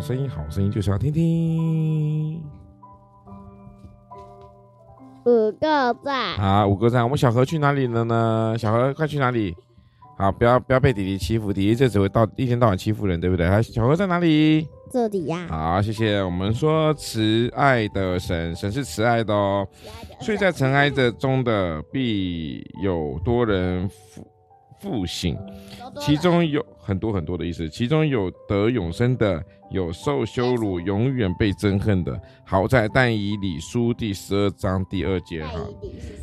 好聲音，好聲音就是要聽聽。五個讚，好，五個讚。我們小何去哪裡了呢？小何快去哪裡？好，不要不要被弟弟欺負，弟弟這只會到一天到晚欺負人，對不對？小何在哪裡？這裡呀，啊。好，謝謝。我們說慈愛的神，神是慈愛的哦。睡在塵埃中的必有多人復醒，其中有很多很多的意思，其中有得永生的，有受羞辱、永遠被憎恨的。好，在但以理書第十二章第二節哈，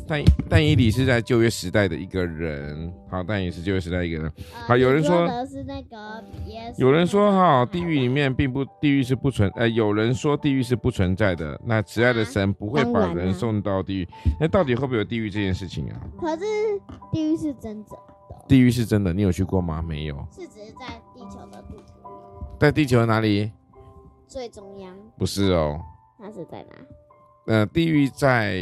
但以但以理是在舊約時代的一個人，好，但也是舊約時代的一個人。好，呃、好有人說，那個、人有人說哈，地獄裡面並不，地獄是不存，呃，有人說地獄是不存在的，那慈愛的神不會把人送到地獄，那、啊啊欸、到底會不會有地獄這件事情啊？可是地獄是真的。地獄是真的，你有去過嗎？沒有，是只是在地球的肚子？在地球的哪裡？最中央？不是哦，那是在哪？呃，地獄在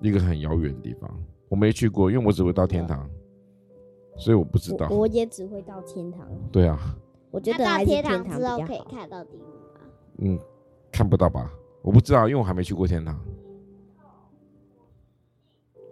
一個很遙遠的地方，我沒去過，因為我只會到天堂，對所以我不知道。我，我也只會到天堂。對啊，我覺得到天堂之後可以看到地獄嗎？嗯，看不到吧？我不知道，因為我還沒去過天堂。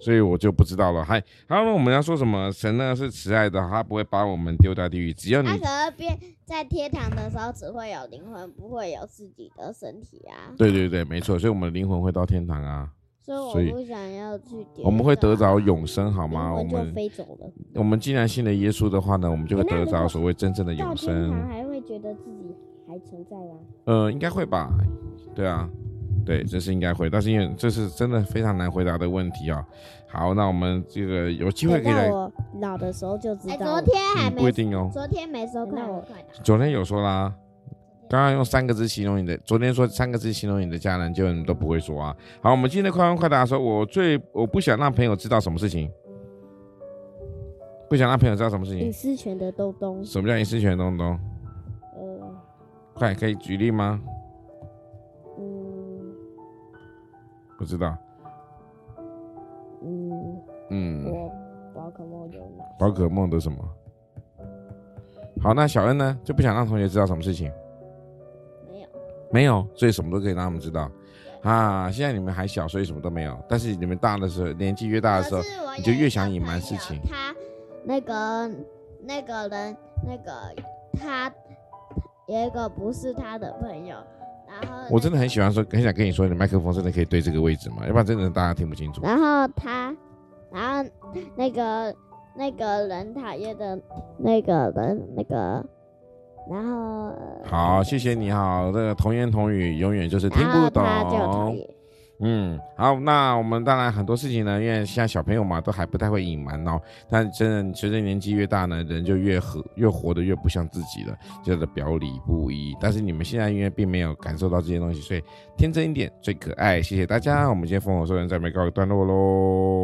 所以我就不知道了。還還有，他們我們要說什麼？神呢是慈愛的，他不會把我們丟在地獄。只要你河邊、啊、在天堂的時候，只會有靈魂，不會有自己的身體啊。對對對，沒錯。所以我們靈魂會到天堂啊。所以，所以我不想要去我們會得着永生，好嗎？我們就飛走了我。我們既然信了耶穌的話呢，我們就會得着所謂真正的永生。他、欸、還會覺得自己還存在嗎、啊？嗯、呃，應該會吧。對啊。對，這是應該會，但是因為這是真的非常難回答的問題啊、哦。好，那我們這個有機會可以來。我老的時候就知道。誒，昨天還沒。嗯、不一定哦。昨天沒說快問快答。昨天有說啦、啊。剛剛用三個字形容你的，昨天說三個字形容你的家人，就你都不會說啊。好，我們今天的快問快答，說我最我不想讓朋友知道什麼事情，不想讓朋友知道什麼事情。隱私權的東東。什麼叫隱私權東東？哦、嗯。快，可以舉例嗎？不知道。嗯嗯，寶可夢的寶可夢的什麼？好，那小恩呢？就不想讓同學知道什麼事情？沒有，沒有，所以什麼都可以讓他們知道。有啊，現在你們還小，所以什麼都沒有。但是你們大的時候，年紀越大的時候，你就越想隱瞞事情。他那個那個人，那個他有一個不是他的朋友。那個、我真的很喜歡說，很想跟你說，你麥克風真的可以對這個位置嗎？要不然真的大家聽不清楚。然後他，然後那個那個人討厭的那個人，那個，然後。好，謝謝你，好，這個童言童語永遠就是聽不懂。嗯，好，那我們當然很多事情呢，因為像小朋友嘛，都還不太會隱瞞哦。但真的，隨着年紀越大呢，人就越活越活得越不像自己了，就是表裡不一。但是你們現在因為並沒有感受到這些東西，所以天真一點，最可愛。謝謝大家，我們今天豐禾碩恩再沒告一段落嘍。